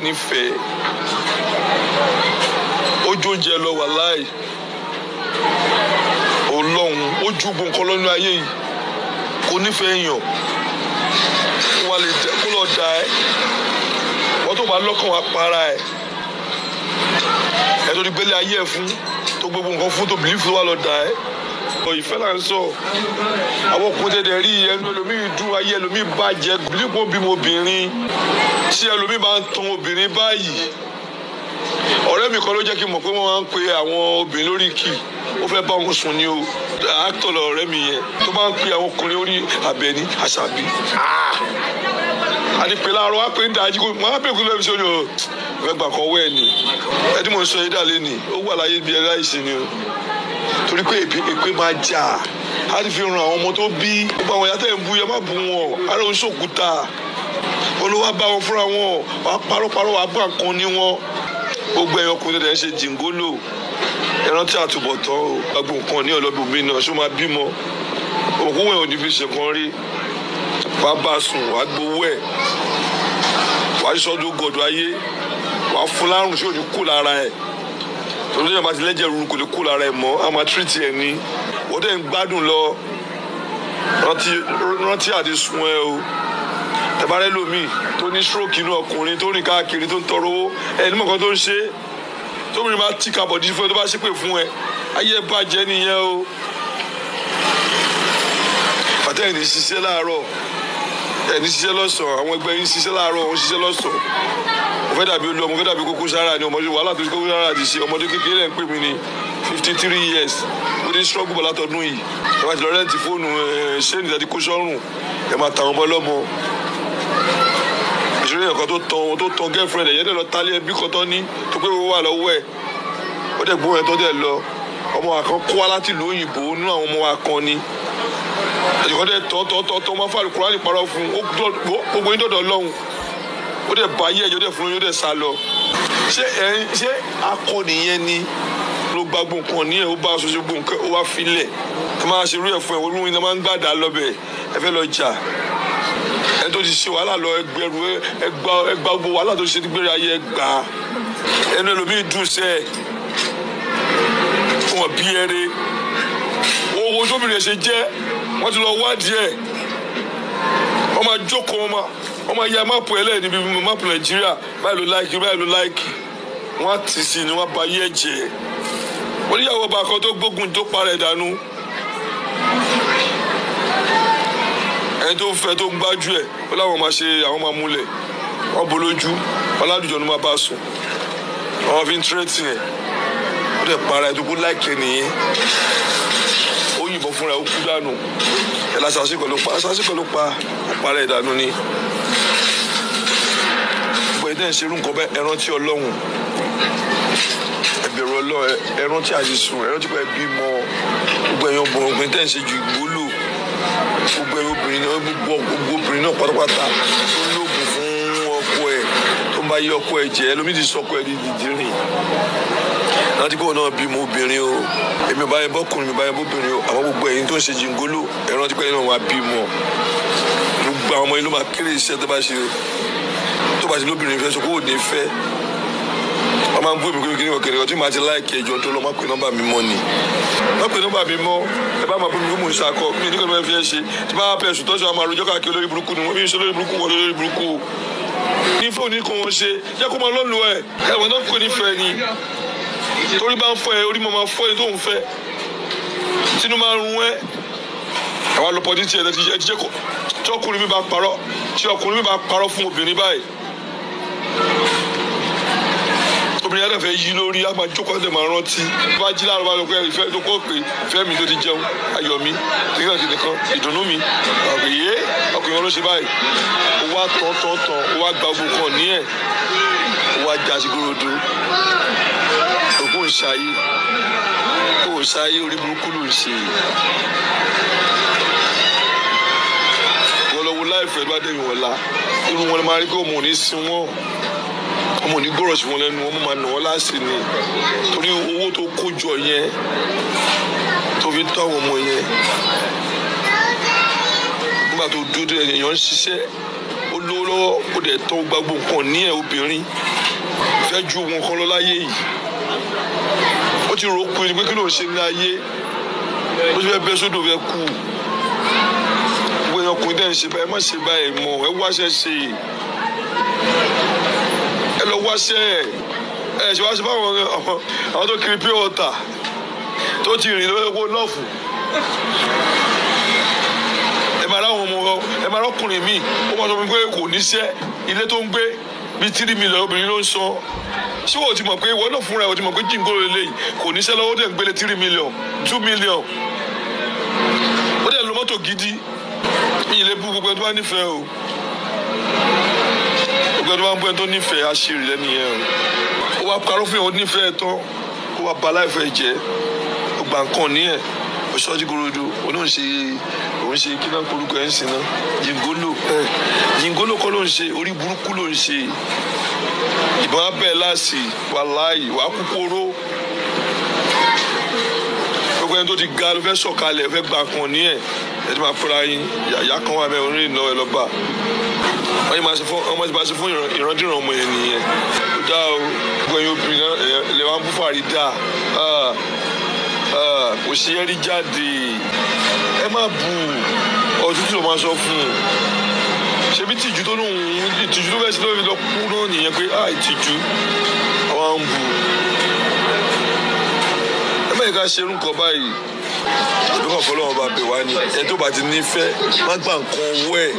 nífẹ̀ẹ́ ojú oúnjẹ lọ wà láì ọlọ́run ojú gbọ̀ǹkan lọ́nà ayé yìí kò nífẹ̀ẹ́ yàn wọ́n lè dẹ kó lọ́ọ́ da ẹ́ wọ́n tó bá lọ́kàn wá para ẹ̀ ẹ̀ tó ti gbélé ayé ẹ̀ fún tó gbogbo nǹkan fún tó bìlífù wà lọ́ọ́ da ẹ́ ìfẹ́ là ń sọ àwọn ọkùnrin tẹ̀lé rí ẹnu ẹlòmíì dún ayé ẹlòmíì bàjẹ́ nípò bímọ obìnrin tí ẹlòmíì bá ń tan obìnrin báyìí ọ̀rẹ́ mi kan ló jẹ́ kí n mọ̀ pé wọ́n máa ń pe àwọn obìnrin lórí kì ó fẹ́ bá wọn sùn ni o àtọ̀ lọ ọ̀rẹ́ mi yẹn tó máa ń pe àwọn ọkùnrin orí Àbẹ̀ní Àṣàbí àti pèlè àrò àpè ń dájú mọ àbẹ̀kú lẹ́nu sọ́yọ́ ẹgbàá kan wẹ́ẹ̀ ni ẹni mò ń sọ yín dà lé ni ó wà láyé bí ẹ láìsí ni o torí pé èpè máa jà á ti fi ran àwọn ọmọ tó bí gbogbo àwọn ìyá tẹ̀ ń bu yẹn má bu wọn ara ń ṣòkúta olówó bá wọn fúnra wọn wàá parọ́parọ́ wàá bá nǹkan ní wọn gbogbo ẹ̀yọ ọkùnrin tẹ̀ ṣe jìngólò ẹran tí àtúbọ̀tán gbogbo nǹkan ní ọlọ́bùnmí náà ṣó máa bímọ òkú wọn ò ní fi ṣèkan rí wàá bá sùn wàá gbowó ẹ̀ wàá ṣọdún gọdọ ayé wàá fún lárùn tí ò ní kú lára ẹ̀ torí èèyàn bá ti lẹ́jẹ̀ ruru kò lè kó lára ẹ̀ mọ́ a máa tírìtì ẹ̀ ní wọ́n dẹ̀ ń gbádùn lọ rántí àti sun ẹ o tẹ̀bárẹ́ lomi tó ní stroke inú ọkùnrin tó rìn káàkiri tó ń tọrọ owó ẹ̀ nímọ̀ kan tó ń ṣe tóbìnrin bá tí kabọ̀dì fún ẹ tó bá ṣépè fún ẹ ayé ẹ bàjẹ́ nìyẹn o fàtẹ́yìn ní ṣiṣẹ́ láàárọ̀ ẹni ṣiṣẹ́ lọ́sàn àwọn ẹgbẹ́ yín ṣiṣẹ́ láàárọ̀ òun ṣiṣẹ́ lọ́sàn mo fẹ́ dàbí olú ọmọ fẹ́ dàbí kókó sára ni ọmọdé wàhálà tó kókó sára ti ṣe ọmọdé kékeré rẹ̀ ń pè mí ní fifty three years ó dé struggle bọ̀ látọdún yìí ẹ máa ti lọ rẹ́ǹtì fóònù ṣé ní ìdájí kó sọ́rùn ẹ máa tàwọn ọmọ lọ́mọ ìṣòro ẹ̀kan tó tan tó tan girlfriend ẹ̀yẹ́ dẹ̀ lọ tálé ẹbí kan ní tó pé wọ́n wà lọ́wọ́ ẹ̀ ó ẹnìkan dẹ tọ́tọ́tọ́tọ́ máa fàlù kúránì parọ́ fún gbogbo yín dọ̀dọ̀ lọ́hùn ó dẹ̀ bá yẹ̀ yóò dẹ̀ fún yín ó dẹ̀ sá lọ. ṣé ẹ ṣé akọni yẹn ni ló gba gbọ̀ǹkan ní ẹ̀ ó bá aṣojú gbọ̀ǹkan ó wá filẹ̀ ẹ máa ṣerú ẹ̀ fún ẹ olóhùn iná máa ń gbàdá lọ́bẹ̀ ẹ fẹ́ lọ jà ẹ tó ti ṣe wàhálà lọ ẹgbẹrù ẹgbà gbogbo wàhálà tó ṣe gbére ayé ẹgbà ẹnu ẹlòmíì dùn sẹ wọn bí ẹrẹ owó tóbi rẹ ṣe jẹ wọ́n ti lọ wádìí ẹ̀ wọ́n máa jókòó wọn máa wọ́n máa ya máàpù ẹlẹ́ẹ̀ níbi máàpù nàìjíríà báyìí ló láìkì báyìí ló láìkì wọ́n á tì sí ni wọ́n bá yẹ̀ jẹ́ oníyàwó ọba kan tó gbógun tó parẹ́ dànù ẹni tó fẹ́ tó gbájú ẹ̀ ó láwọn máa ṣe àwọn máa múlẹ̀ wọ́n bolójú ọládùjọ́ ni wọ́n bá sùn wọ́n fi ń tírẹ́tì yẹn ó dẹ̀ para ẹ̀ tó kó láìkẹ́ nìyẹn ó yìnbọn fúnra ó kú dànù ẹ̀ lásàásì kan ló pa lásàásì kan ló pa àpárá ẹ̀ dànù ni gbogbo ẹ̀ dẹ̀ ń ṣerú nǹkan ẹran tí ọlọ́run ẹbẹ̀rù ọlọ́run ẹran tí àṣìṣù ẹran tí pẹ́ bímọ gbogbo ẹ̀yàn ọbọ̀n ọ̀gbìn tẹ̀ ń ṣe ju ìgbólò gbogbo ẹ̀yàn obìnrin náà gbogbo gbogbo obìnrin náà pátápátá tó ń lóògùn fún ọkọ ẹ̀ tó ń bá yí ọkọ ẹ̀ jẹ́ ẹlòmídìí sọkọ ẹ̀ di dìdìrín rántí pé òun náà bímọ obìnrin o èmi ò bá yẹ bọ́kùnrin mi bá yẹ bóbìnrin o àwọn gbogbo ẹ̀yin tó ń ṣe jìngóló ẹ rántí pé ẹ̀yin náà wà bímọ gbogbo àwọn ọmọ yìí ló máa kéré iṣẹ́ tó bá ṣe tó bá ṣe lóbìnrin fẹ́ sọ kó ò ní fẹ́ wọ́n máa ń bú èmi kékeré kékeré kékeré tí màá ti láìkì ẹjọ́ tó lọ má pe nọ́mbà mi mọ́ ni má pe nọ́mbà mi mọ́ ẹ bá máa bú mi kó mò ń ṣakọ mi nígbà tó bá fi ẹ ṣe tí bá pẹ ẹsùn tọ́jú àwọn àròjọ káàkiri olórí burúkú ni wọ́n mi ń ṣe olórí burúkú wọ́n olórí burúkú ní fóònù kò wọ́n ṣe jẹ́ kó máa lọ́nu ẹ̀ ẹ̀wọ̀n náà kò ní fẹ́ ni torí bá ń fọ ẹ orí máa máa fọ ẹ tó ń fẹ́ sínú máa rún ẹ àwa lọ pọ̀ títí ẹ ti jẹ́ jẹ́ kó tí ọkùnrin mi bá parọ́ tí ọkùnrin mi bá parọ́ fún obìnrin báyìí obìnrin yàtọ̀ fẹ́ yí lórí àgbà jókòó ẹ̀ máa rántí bá jí láàárọ̀ bá lọ pé ìfẹ́ tó kọ́ pé ìfẹ́ mi tó ti jẹun ayọ̀ mi sígbà kìnìún kan ìdùnnú mi ọkùnrin wọn ló ṣe báyìí ó wá tán tán kan ní ẹ̀ wá jasigorodo ògùn ṣayé kò ṣayé orí burúkú ló ń ṣe wọlọwọ láìfẹ́ bá dẹ̀yìn wọlá irun wọn máa rí pé ọmọ ò ní sin wọn ọmọ ò ní gbọ́rọ̀ sí wọn lẹ́nu ọmọ máa nà wọn láàsì ni torí owó tó kó jọ yẹn tó fi tọ́ àwọn ọmọ yẹn nígbà tó dúró tó ń ṣiṣẹ́ ó lówó lọ́wọ́ ó dẹ̀ tọ́ gbogbo nǹkan ní ẹ̀ obìnrin fẹ́ ju ohun kan lọ láyé yìí ó ti rò kú pé kí ló ń ṣe ní ayé ó ti fẹ́ bẹ́ sódò fẹ́ kú gbogbo ọkùnrin dẹ́n ṣe báyìí má ṣe báyìí mọ́ ẹ wáṣẹ́ ṣe ẹ lọ wáṣẹ́ ẹ ṣe wáṣẹ́ báwọn àwọn tó kiri pure water tó ti rìn lọ́wọ́ lọ́ọ̀fù ẹ máa ráwọn ọmọ ẹ máa rọkùnrin míì ó máa sọ fún mi pé kò níṣẹ́ ilé tó ń gbé bíi tírí mi lọ obìnrin ló ń sọ ṣé wọ́n ti mọ̀ pé ìwọ náà fúnra ẹ̀ wọ́n ti mọ̀ pé jíǹkó lè léyìí kò níṣẹ́ lọ́wọ́ dẹ̀ ń gbélé tírí mílíọ̀n tú mílíọ̀n ó dẹ̀ lo mọ́tò gidi mi lè bú gbogbo ẹ̀ tó bá nífẹ̀ẹ́ o gbogbo ẹ̀ tó bá ń bú ẹ̀ tó nífẹ̀ẹ́ àṣírí lẹ́nu yẹn o ó wá parọ́ fún yẹn ó nífẹ̀ẹ́ tán ó wá ba láìfẹ́ jẹ́ ó gbà nǹkan ní ẹ̀ sọjúgorodo òun náà ń ṣe òun ṣe kí náà korúkọ ẹ̀ ń sin náà jìngólò jìngólò kọ́ ló ń ṣe orí burúkú ló ń ṣe ìbọn abẹ́ láàsì wàláì wàá kúkúrú gbogbo ẹni tó ti ga ló fẹ́ sọ̀kalẹ̀ fẹ́ gba kan ní ẹ̀ ẹ̀ ti máa fura yín yàyà kan wà bẹ́ẹ̀ orin ìnáwó ẹ lọ́ba wọ́n yìí máa ṣe fún ọmọ ti máa ṣe fún ìrandíran ọmọ ẹ̀ nìyẹn ó dá o gbogbo ẹ̀yin obìnrin náà lè wá bú fàrí dáa. Ah. Ah, kò ṣe é jáde ẹ má bù ọdún tí ló máa sọ fún un ṣebí tìjú tó lóun ìtìjú tó bẹ́ẹ̀ sí lórí lọ kú náà nìyẹn pé à ìtìjú àwọn ń bù ẹ mẹ́rin ká ṣerú nǹkan báyìí àdúgbò ọ̀pọ̀lọpọ̀ bá bẹ̀ wá ni ẹ tó bá ti nífẹ̀ẹ́ má gbà nǹkan owó ẹ̀.